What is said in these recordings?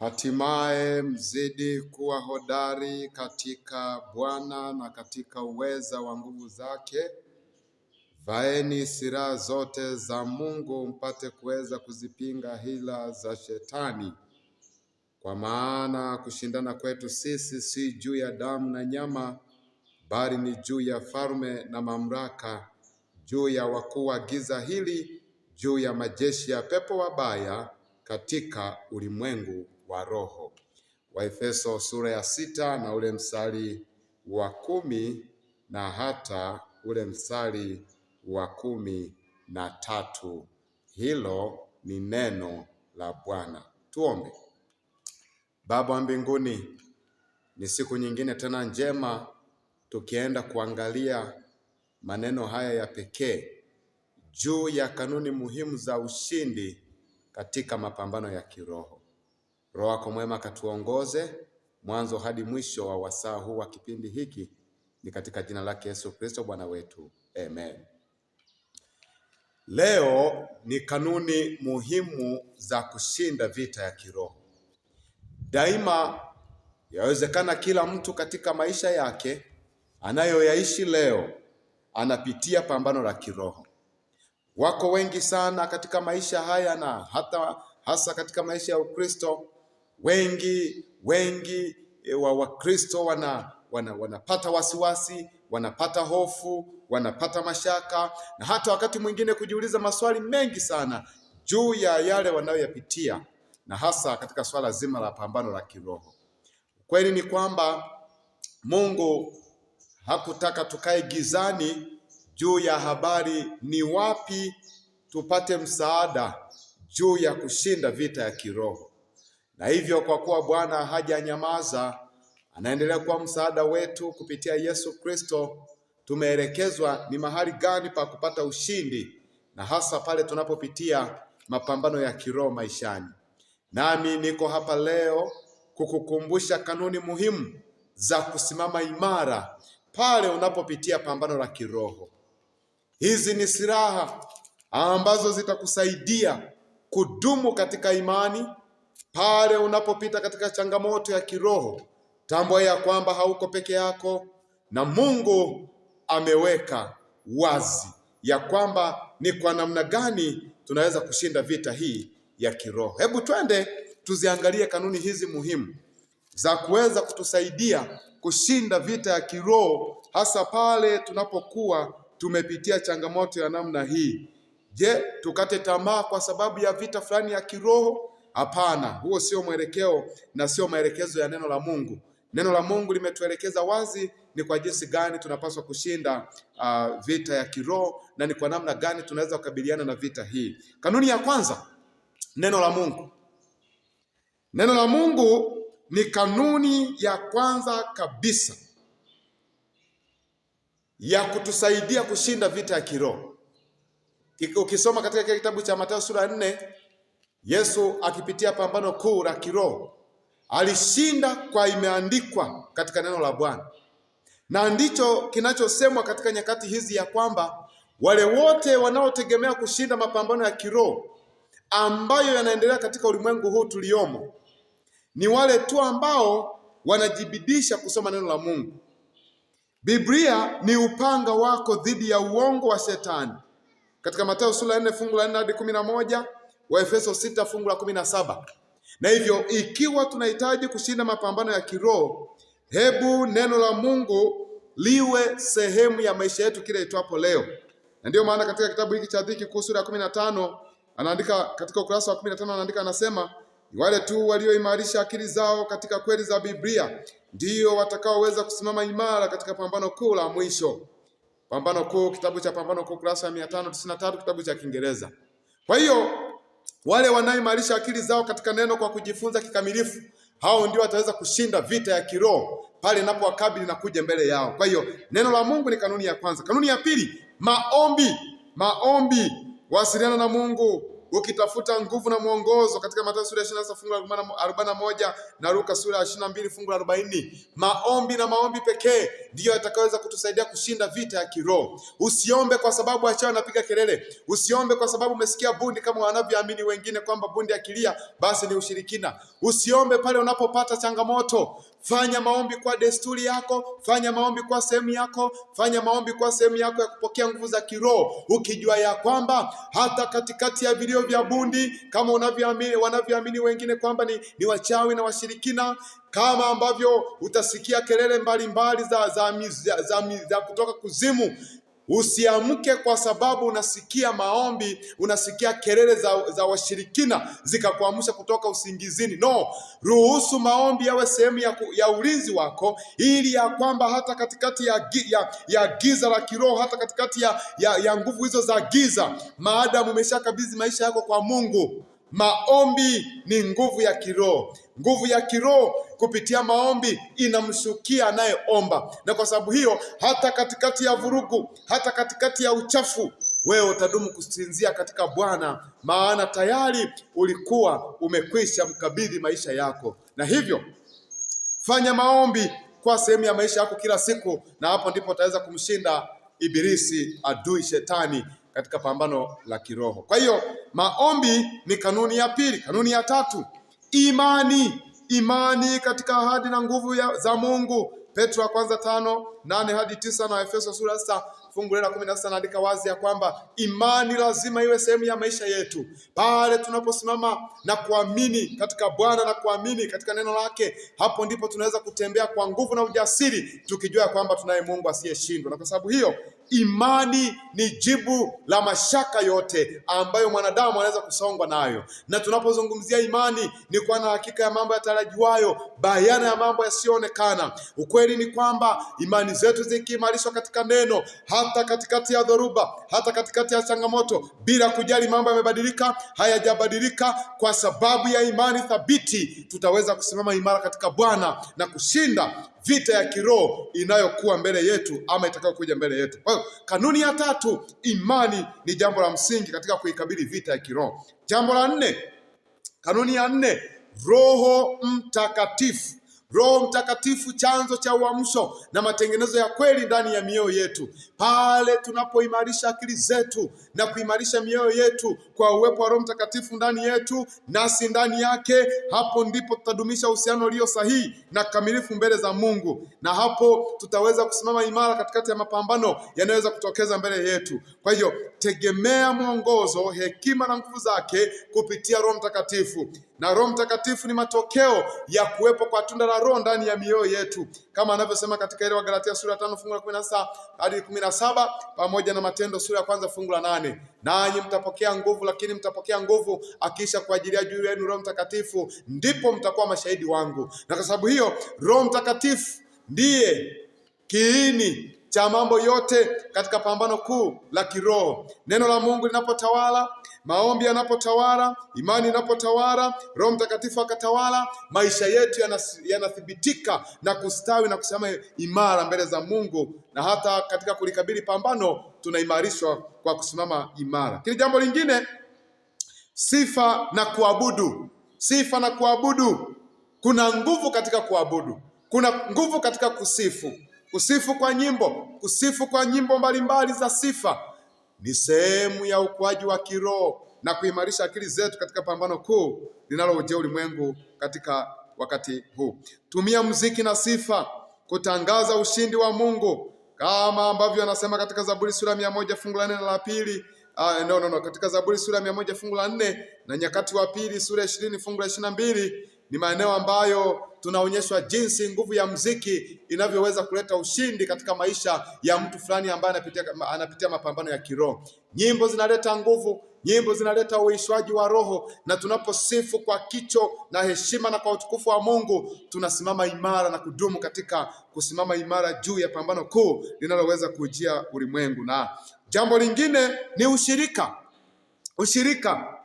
hatimaye mzidi kuwa hodari katika Bwana na katika uweza wa nguvu zake. Vaeni silaha zote za Mungu mpate kuweza kuzipinga hila za Shetani, kwa maana kushindana kwetu sisi si juu ya damu na nyama, bali ni juu ya falme na mamlaka, juu ya wakuu wa giza hili, juu ya majeshi ya pepo wabaya katika ulimwengu wa Roho. Waefeso sura ya sita na ule mstari wa kumi na hata ule mstari wa kumi na tatu. Hilo ni neno la Bwana. Tuombe. Baba wa mbinguni, ni siku nyingine tena njema tukienda kuangalia maneno haya ya pekee juu ya kanuni muhimu za ushindi katika mapambano ya kiroho. Roho yako mwema katuongoze mwanzo hadi mwisho wa wasaa huu wa kipindi hiki, ni katika jina lake Yesu Kristo Bwana wetu Amen. Leo ni kanuni muhimu za kushinda vita ya kiroho. Daima yawezekana kila mtu katika maisha yake anayoyaishi leo anapitia pambano la kiroho. Wako wengi sana katika maisha haya na hata hasa katika maisha ya Ukristo wengi wengi e, wa Wakristo wana, wana, wanapata wasiwasi, wanapata hofu, wanapata mashaka na hata wakati mwingine kujiuliza maswali mengi sana juu ya yale wanayoyapitia na hasa katika swala zima la pambano la kiroho. Kweli ni kwamba Mungu hakutaka tukae gizani juu ya habari ni wapi tupate msaada juu ya kushinda vita ya kiroho. Na hivyo kwa kuwa Bwana hajanyamaza, anaendelea kuwa msaada wetu kupitia Yesu Kristo, tumeelekezwa ni mahali gani pa kupata ushindi, na hasa pale tunapopitia mapambano ya kiroho maishani. Nami niko hapa leo kukukumbusha kanuni muhimu za kusimama imara pale unapopitia pambano la kiroho. Hizi ni silaha ambazo zitakusaidia kudumu katika imani pale unapopita katika changamoto ya kiroho, tambua ya kwamba hauko peke yako, na Mungu ameweka wazi ya kwamba ni kwa namna gani tunaweza kushinda vita hii ya kiroho. Hebu twende tuziangalie kanuni hizi muhimu za kuweza kutusaidia kushinda vita ya kiroho, hasa pale tunapokuwa tumepitia changamoto ya namna hii. Je, tukate tamaa kwa sababu ya vita fulani ya kiroho? Hapana, huo sio mwelekeo na sio maelekezo ya neno la Mungu. Neno la Mungu limetuelekeza wazi ni kwa jinsi gani tunapaswa kushinda uh, vita ya kiroho na ni kwa namna gani tunaweza kukabiliana na vita hii. Kanuni ya kwanza, neno la Mungu. Neno la Mungu ni kanuni ya kwanza kabisa ya kutusaidia kushinda vita ya kiroho. Ukisoma katika kile kitabu cha Mathayo sura ya nne Yesu akipitia pambano kuu la kiroho alishinda kwa imeandikwa katika neno la Bwana, na ndicho kinachosemwa katika nyakati hizi ya kwamba wale wote wanaotegemea kushinda mapambano ya kiroho ambayo yanaendelea katika ulimwengu huu tuliomo ni wale tu ambao wanajibidisha kusoma neno la Mungu. Biblia ni upanga wako dhidi ya uongo wa Shetani. Katika Mathayo sura ya 4 fungu la 4 hadi Waefeso 6 fungu la 17. Na hivyo ikiwa tunahitaji kushinda mapambano ya kiroho, hebu neno la Mungu liwe sehemu ya maisha yetu kile itwapo leo. Na ndiyo maana katika kitabu hiki cha Dhiki Kuu sura ya 15 anaandika katika ukurasa wa 15 anaandika anasema, wale tu walioimarisha akili zao katika kweli za Biblia ndiyo watakaoweza kusimama imara katika pambano kuu la mwisho. Pambano kuu, kitabu cha Pambano Kuu, kurasa ya 593, kitabu cha Kiingereza. Kwa hiyo wale wanaoimarisha akili zao katika neno kwa kujifunza kikamilifu, hao ndio wataweza kushinda vita ya kiroho pale inapowakabili na kuja mbele yao. Kwa hiyo neno la Mungu ni kanuni ya kwanza. Kanuni ya pili, maombi. Maombi, wasiliana na Mungu ukitafuta nguvu na mwongozo katika Mathayo sura ya 29 fungu la 41 na Luka sura ya 22 fungu la 40. Maombi na maombi pekee ndiyo yatakayoweza kutusaidia kushinda vita ya kiroho. Usiombe kwa sababu achao anapiga kelele, usiombe kwa sababu umesikia bundi, kama wanavyoamini wengine kwamba bundi akilia basi ni ushirikina. Usiombe pale unapopata changamoto. Fanya maombi kwa desturi yako, fanya maombi kwa sehemu yako, fanya maombi kwa sehemu yako ya kupokea nguvu za kiroho, ukijua ya kwamba hata katikati ya vilio vya bundi, kama unavyoamini wanavyoamini wengine kwamba ni, ni wachawi na washirikina, kama ambavyo utasikia kelele mbalimbali mbali za, za, za, za, za, za kutoka kuzimu Usiamke kwa sababu unasikia maombi, unasikia kelele za, za washirikina zikakuamsha kutoka usingizini. No, ruhusu maombi yawe sehemu ya, ya ulinzi wako, ili ya kwamba hata katikati ya, ya, ya giza la kiroho, hata katikati ya, ya, ya nguvu hizo za giza, maadamu umeshakabidhi maisha yako kwa Mungu, maombi ni nguvu ya kiroho. Nguvu ya kiroho kupitia maombi inamshukia anayeomba. Na kwa sababu hiyo, hata katikati ya vurugu, hata katikati ya uchafu, wewe utadumu kusinzia katika Bwana, maana tayari ulikuwa umekwisha mkabidhi maisha yako. Na hivyo fanya maombi kwa sehemu ya maisha yako kila siku, na hapo ndipo utaweza kumshinda Ibilisi, adui shetani katika pambano la kiroho. Kwa hiyo maombi ni kanuni ya pili. Kanuni ya tatu, imani imani katika ahadi na nguvu ya, za Mungu. Petro wa kwanza tano nane hadi tisa na Efeso sura sita fungu la kumi na sita naandika wazi ya kwamba imani lazima iwe sehemu ya maisha yetu. Pale tunaposimama na kuamini katika Bwana na kuamini katika neno lake, hapo ndipo tunaweza kutembea kwa nguvu na ujasiri, tukijua ya kwamba tunaye Mungu asiyeshindwa, na kwa sababu hiyo Imani ni jibu la mashaka yote ambayo mwanadamu anaweza kusongwa nayo, na tunapozungumzia imani ni kuwa na hakika ya mambo yatarajiwayo, bayana ya mambo yasiyoonekana. Ukweli ni kwamba imani zetu zikiimarishwa katika neno, hata katikati ya dhoruba, hata katikati ya changamoto, bila kujali mambo yamebadilika, hayajabadilika, kwa sababu ya imani thabiti, tutaweza kusimama imara katika Bwana na kushinda vita ya kiroho inayokuwa mbele yetu ama itakayokuja mbele yetu. Kwa hiyo kanuni ya tatu, imani ni jambo la msingi katika kuikabili vita ya kiroho. Jambo la nne, kanuni ya nne, Roho Mtakatifu Roho Mtakatifu, chanzo cha uamsho na matengenezo ya kweli ndani ya mioyo yetu, pale tunapoimarisha akili zetu na kuimarisha mioyo yetu kwa uwepo wa Roho Mtakatifu ndani yetu, nasi ndani yake, hapo ndipo tutadumisha uhusiano ulio sahihi na kamilifu mbele za Mungu, na hapo tutaweza kusimama imara katikati ya mapambano yanayoweza kutokeza mbele yetu. Kwa hiyo tegemea mwongozo, hekima na nguvu zake kupitia Roho Mtakatifu. Na Roho Mtakatifu ni matokeo ya kuwepo kwa tunda la Roho ndani ya mioyo yetu, kama anavyosema katika ile Wagalatia sura ya tano fungu la kumi na saba hadi kumi na saba pamoja na Matendo sura ya kwanza fungu la nane nanyi mtapokea nguvu, lakini mtapokea nguvu akiisha kuajilia juu yenu Roho Mtakatifu, ndipo mtakuwa mashahidi wangu. Na kwa sababu hiyo Roho Mtakatifu ndiye kiini cha mambo yote katika pambano kuu la kiroho. Neno la Mungu linapotawala, maombi yanapotawala, imani inapotawala, Roho Mtakatifu akatawala, maisha yetu yanathibitika na kustawi na kusimama imara mbele za Mungu, na hata katika kulikabili pambano tunaimarishwa kwa kusimama imara. Lakini jambo lingine, sifa na kuabudu. Sifa na kuabudu, kuna nguvu katika kuabudu, kuna nguvu katika kusifu Kusifu kwa nyimbo, kusifu kwa nyimbo mbalimbali za sifa ni sehemu ya ukuaji wa kiroho na kuimarisha akili zetu katika pambano kuu linaloujia ulimwengu katika wakati huu. Tumia muziki na sifa kutangaza ushindi wa Mungu kama ambavyo anasema katika Zaburi sura ya mia moja fungu la nne na la pili. Uh, no, no, no, katika Zaburi sura ya mia moja fungu la nne na Nyakati wa Pili sura ya ishirini fungu la ishirini na mbili ni maeneo ambayo tunaonyeshwa jinsi nguvu ya mziki inavyoweza kuleta ushindi katika maisha ya mtu fulani ambaye anapitia, anapitia mapambano ya kiroho. Nyimbo zinaleta nguvu, nyimbo zinaleta uishwaji wa roho, na tunaposifu kwa kicho na heshima na kwa utukufu wa Mungu, tunasimama imara na kudumu katika kusimama imara juu ya pambano kuu linaloweza kujia ulimwengu. Na jambo lingine ni ushirika, ushirika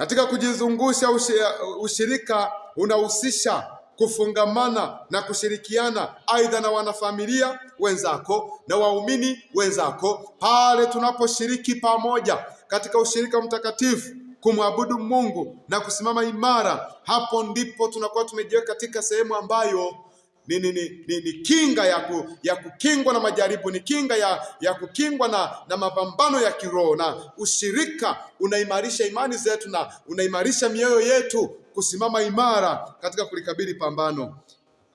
katika kujizungusha ushirika unahusisha kufungamana na kushirikiana aidha na wanafamilia wenzako na waumini wenzako, pale tunaposhiriki pamoja katika ushirika mtakatifu kumwabudu Mungu na kusimama imara, hapo ndipo tunakuwa tumejiweka katika sehemu ambayo ni, ni, ni, ni, ni kinga ya, ku, ya kukingwa na majaribu, ni kinga ya, ya kukingwa na, na mapambano ya kiroho. Na ushirika unaimarisha imani zetu na unaimarisha mioyo yetu kusimama imara katika kulikabili pambano.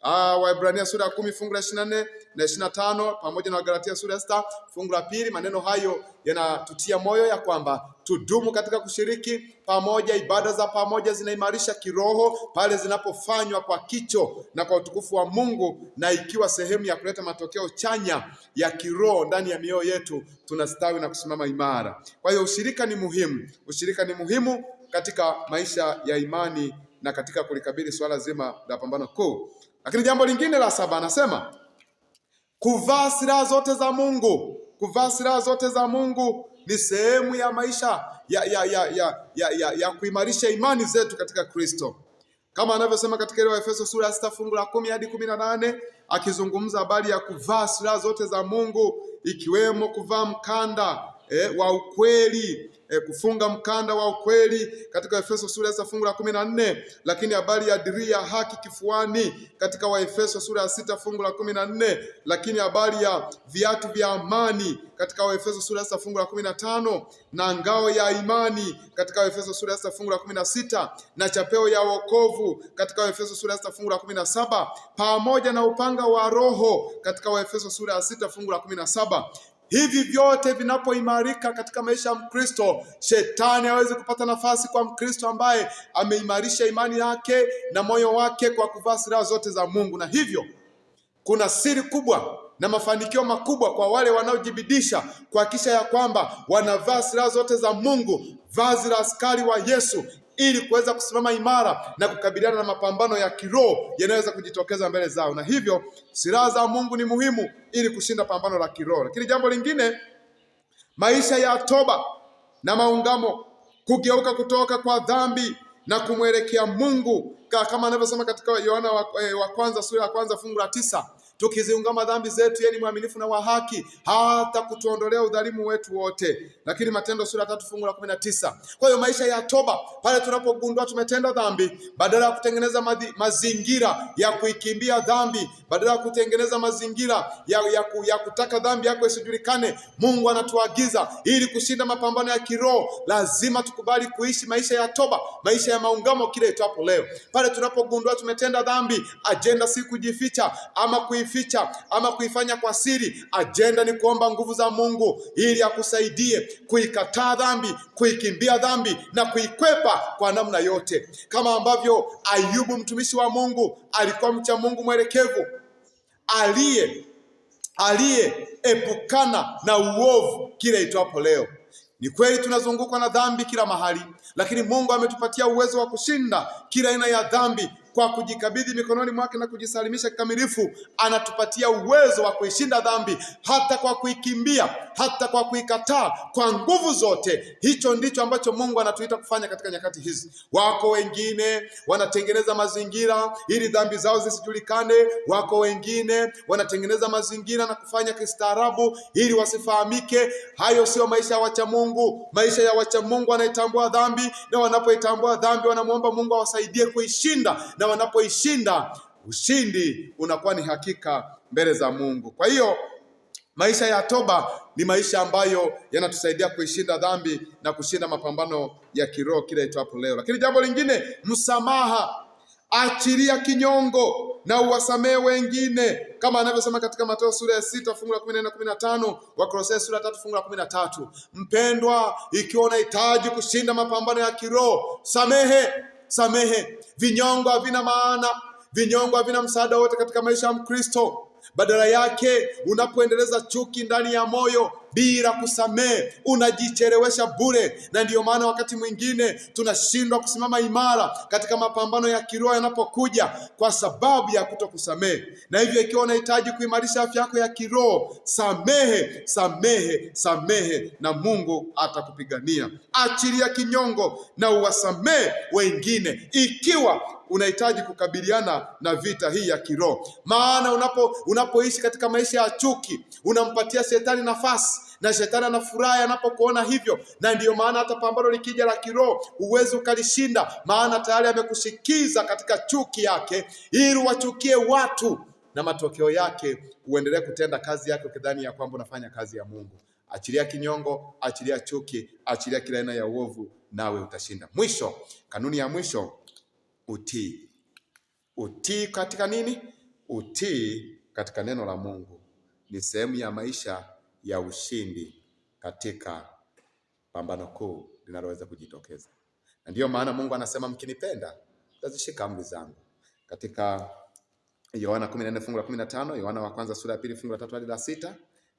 Ah, Waebrania sura ya kumi fungu la ishirini na nne na ishirini na tano pamoja na Wagalatia sura ya sita fungu la pili. Maneno hayo yanatutia moyo ya kwamba tudumu katika kushiriki pamoja. Ibada za pamoja zinaimarisha kiroho pale zinapofanywa kwa kicho na kwa utukufu wa Mungu, na ikiwa sehemu ya kuleta matokeo chanya ya kiroho ndani ya mioyo yetu, tunastawi na kusimama imara. Kwa hiyo ushirika ni muhimu, ushirika ni muhimu katika maisha ya imani na katika kulikabili swala zima la pambano kuu. Lakini jambo lingine la saba anasema kuvaa silaha zote za Mungu. Kuvaa silaha zote za Mungu ni sehemu ya maisha ya, ya, ya, ya, ya, ya, ya kuimarisha imani zetu katika Kristo, kama anavyosema katika ile Waefeso sura ya sita fungu la kumi hadi kumi na nane akizungumza habari ya kuvaa silaha zote za Mungu, ikiwemo kuvaa mkanda eh, wa ukweli eh, kufunga mkanda wa ukweli katika Efeso sura ya fungu la kumi na nne lakini habari ya dirii ya haki kifuani katika Waefeso sura ya sita fungu la kumi na nne lakini habari ya viatu vya amani katika Waefeso sura ya fungu la kumi na tano na ngao ya imani katika Waefeso sura ya fungu la kumi na sita na chapeo ya wokovu katika Waefeso sura ya fungu la kumi na saba pamoja na upanga wa Roho katika Waefeso sura ya sita fungu la kumi na saba Hivi vyote vinapoimarika katika maisha ya Mkristo, shetani hawezi kupata nafasi kwa Mkristo ambaye ameimarisha imani yake na moyo wake kwa kuvaa silaha zote za Mungu. Na hivyo kuna siri kubwa na mafanikio makubwa kwa wale wanaojibidisha kuhakikisha ya kwamba wanavaa silaha zote za Mungu, vazi la askari wa Yesu ili kuweza kusimama imara na kukabiliana na mapambano ya kiroho yanayoweza kujitokeza mbele zao, na hivyo silaha za Mungu ni muhimu ili kushinda pambano la kiroho. Lakini jambo lingine, maisha ya toba na maungamo, kugeuka kutoka kwa dhambi na kumwelekea Mungu kama anavyosema katika Yohana wa, eh, wa kwanza sura ya kwanza fungu la tisa tukiziungama dhambi zetu, yeye ni mwaminifu na wa haki hata kutuondolea udhalimu wetu wote. Lakini Matendo sura tatu fungu la kumi na tisa. Kwa hiyo maisha ya toba, pale tunapogundua tumetenda dhambi, badala ya kutengeneza mazingira ya kuikimbia dhambi, badala ya kutengeneza mazingira ya, ya, ku, ya kutaka dhambi yako isijulikane, Mungu anatuagiza ili kushinda mapambano ya kiroho, lazima tukubali kuishi maisha ya toba, maisha ya maungamo kile itwapo leo. Pale tunapogundua tumetenda dhambi, ajenda si kujificha ama kui kuificha ama kuifanya kwa siri. Ajenda ni kuomba nguvu za Mungu ili akusaidie kuikataa dhambi, kuikimbia dhambi na kuikwepa kwa namna yote, kama ambavyo Ayubu mtumishi wa Mungu alikuwa mcha Mungu mwelekevu aliye aliyeepukana na uovu kile itwapo leo. Ni kweli tunazungukwa na dhambi kila mahali, lakini Mungu ametupatia uwezo wa kushinda kila aina ya dhambi kwa kujikabidhi mikononi mwake na kujisalimisha kikamilifu, anatupatia uwezo wa kuishinda dhambi, hata kwa kuikimbia, hata kwa kuikataa kwa nguvu zote. Hicho ndicho ambacho Mungu anatuita kufanya katika nyakati hizi. Wako wengine wanatengeneza mazingira ili dhambi zao zisijulikane, wako wengine wanatengeneza mazingira na kufanya kistaarabu ili wasifahamike. Hayo sio maisha ya wacha Mungu. Maisha ya wacha Mungu wanaitambua dhambi, na wanapoitambua dhambi wanamwomba Mungu awasaidie kuishinda na na wanapoishinda ushindi unakuwa ni hakika mbele za Mungu. Kwa hiyo maisha ya toba ni maisha ambayo yanatusaidia kuishinda dhambi na kushinda mapambano ya kiroho kila itwapo leo. Lakini jambo lingine, msamaha, achilia kinyongo na uwasamehe wengine kama anavyosema katika Mathayo sura ya sita fungu la kumi na nne na kumi na tano Wakolosai sura ya tatu fungu la kumi na tatu Mpendwa, ikiwa unahitaji kushinda mapambano ya kiroho, samehe samehe. Vinyongo havina maana, vinyongo havina msaada wote katika maisha ya Mkristo. Badala yake unapoendeleza chuki ndani ya moyo bila kusamehe, unajichelewesha bure, na ndiyo maana wakati mwingine tunashindwa kusimama imara katika mapambano ya kiroho yanapokuja, kwa sababu ya kusamehe Na hivyo ikiwa unahitaji kuimarisha afya yako ya kiroho, samehe, samehe, samehe, na Mungu atakupigania. Achilia kinyongo na uwasamehe wengine ikiwa unahitaji kukabiliana na vita hii ya kiroho, maana unapo unapoishi katika maisha ya chuki unampatia shetani nafasi na shetani anafurahi anapokuona hivyo, na ndiyo maana hata pambano likija la kiroho huwezi ukalishinda, maana tayari amekushikiza katika chuki yake ili wachukie watu, na matokeo yake uendelee kutenda kazi yake ukidhani ya kwamba unafanya kazi ya Mungu. Achilia kinyongo, achilia chuki, achilia kila aina ya uovu, nawe utashinda. Mwisho, kanuni ya mwisho utii. Utii katika nini? Utii katika neno la Mungu ni sehemu ya maisha ya ushindi katika pambano kuu linaloweza kujitokeza, na ndiyo maana Mungu anasema mkinipenda mtazishika amri zangu, katika Yohana 14 fungu la 15, Yohana wa kwanza sura ya pili fungu la tatu hadi la sita.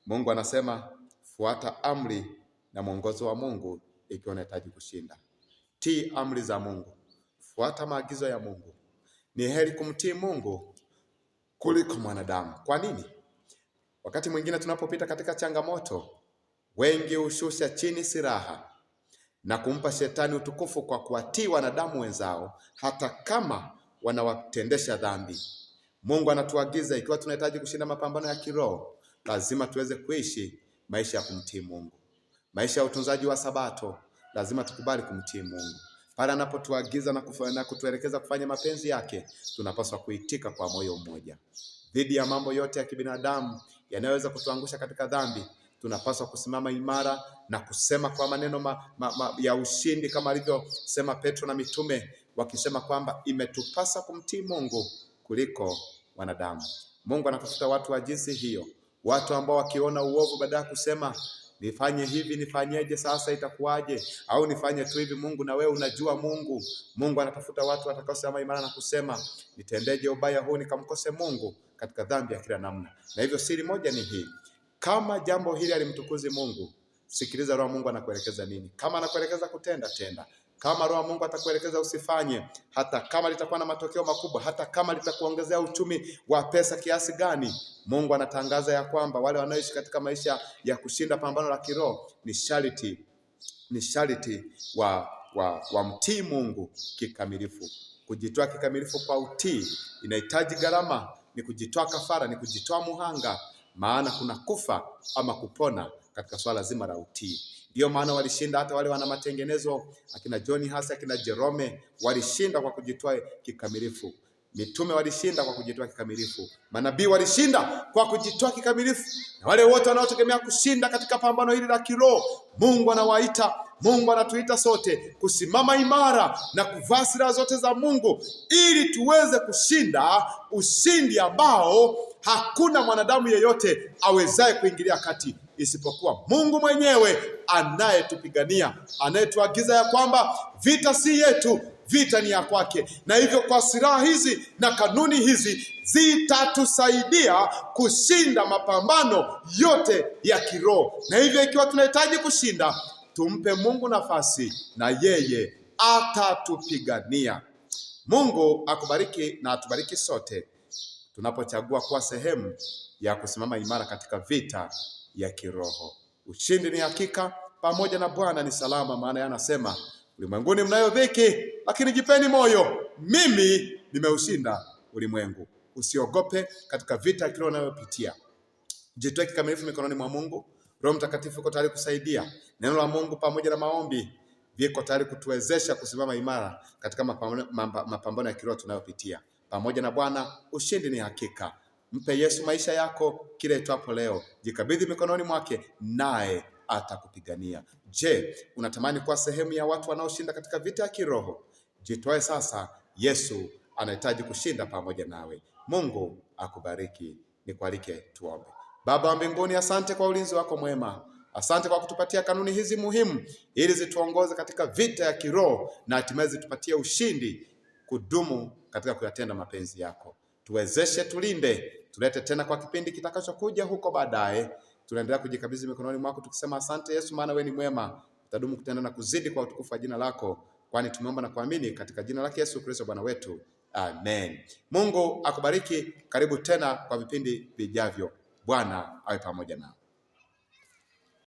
Mungu anasema fuata amri na mwongozo wa Mungu ikiwa unahitaji kushinda. Tii amri za Mungu kufuata maagizo ya Mungu. Ni heri kumtii Mungu kuliko mwanadamu. Kwa nini? Wakati mwingine tunapopita katika changamoto, wengi hushusha chini silaha na kumpa shetani utukufu kwa kuwatii wanadamu wenzao, hata kama wanawatendesha dhambi. Mungu anatuagiza ikiwa tunahitaji kushinda mapambano ya kiroho, lazima tuweze kuishi maisha ya kumtii Mungu, maisha ya utunzaji wa Sabato. Lazima tukubali kumtii Mungu. Pale anapotuagiza na, kufanya kutuelekeza kufanya mapenzi yake, tunapaswa kuitika kwa moyo mmoja. Dhidi ya mambo yote ya kibinadamu yanayoweza kutuangusha katika dhambi, tunapaswa kusimama imara na kusema kwa maneno ma, ma, ma, ya ushindi kama alivyosema Petro na mitume wakisema kwamba imetupasa kumtii Mungu kuliko wanadamu. Mungu anatafuta watu wa jinsi hiyo, watu ambao wakiona uovu baada ya kusema nifanye hivi, nifanyeje sasa, itakuwaje? Au nifanye tu hivi? Mungu na wewe unajua. Mungu Mungu anatafuta watu watakaosimama imara na kusema nitendeje ubaya huu nikamkose Mungu katika dhambi ya kila namna. Na hivyo siri moja ni hii, kama jambo hili alimtukuzi Mungu, sikiliza Roho Mungu anakuelekeza nini. Kama anakuelekeza kutenda, tenda. Kama Roho Mungu atakuelekeza usifanye, hata kama litakuwa na matokeo makubwa, hata kama litakuongezea uchumi wa pesa kiasi gani, Mungu anatangaza ya kwamba wale wanaoishi katika maisha ya kushinda pambano la kiroho ni shariti, ni sharti wa, wa, wa mtii Mungu kikamilifu. Kujitoa kikamilifu kwa utii inahitaji gharama, ni kujitoa kafara, ni kujitoa muhanga, maana kuna kufa ama kupona katika swala zima la utii. Ndio maana walishinda hata wale wana matengenezo akina John hasi akina Jerome walishinda kwa kujitoa kikamilifu. Mitume walishinda kwa kujitoa kikamilifu, manabii walishinda kwa kujitoa kikamilifu, na wale wote wanaotegemea kushinda katika pambano hili la kiroho, Mungu anawaita, Mungu anatuita sote kusimama imara na kuvaa silaha zote za Mungu ili tuweze kushinda ushindi ambao hakuna mwanadamu yeyote awezaye kuingilia kati isipokuwa Mungu mwenyewe anayetupigania, anayetuagiza ya kwamba vita si yetu vita ni ya kwake, na hivyo kwa silaha hizi na kanuni hizi zitatusaidia kushinda mapambano yote ya kiroho. Na hivyo ikiwa tunahitaji kushinda, tumpe Mungu nafasi na yeye atatupigania. Mungu akubariki na atubariki sote tunapochagua kuwa sehemu ya kusimama imara katika vita ya kiroho. Ushindi ni hakika, pamoja na Bwana ni salama, maana yeye anasema ulimwenguni mnayo dhiki, lakini jipeni moyo, mimi nimeushinda ulimwengu. Usiogope katika vita kile unayopitia, jitoe kikamilifu mikononi mwa Mungu. Roho Mtakatifu yuko tayari kusaidia. Neno la Mungu pamoja na maombi viko tayari kutuwezesha kusimama imara katika mapambano ya kiroho tunayopitia. Pamoja na Bwana ushindi ni hakika. Mpe Yesu maisha yako kile itwapo leo, jikabidhi mikononi mwake, naye atakupigania. Je, unatamani kuwa sehemu ya watu wanaoshinda katika vita ya kiroho? Jitoe sasa, Yesu anahitaji kushinda pamoja nawe. Mungu akubariki. Nikualike tuombe. Baba wa mbinguni, asante kwa ulinzi wako mwema, asante kwa kutupatia kanuni hizi muhimu ili zituongoze katika vita ya kiroho na hatimaye zitupatie ushindi kudumu katika kuyatenda mapenzi yako. Tuwezeshe, tulinde, tulete tena kwa kipindi kitakachokuja huko baadaye tunaendelea kujikabidhi mikononi mwako tukisema asante Yesu, maana wewe ni mwema, utadumu kutenda na kuzidi kwa utukufu wa jina lako, kwani tumeomba na kuamini katika jina lake Yesu Kristo Bwana wetu, amen. Mungu akubariki. Karibu tena kwa vipindi vijavyo. Bwana awe pamoja na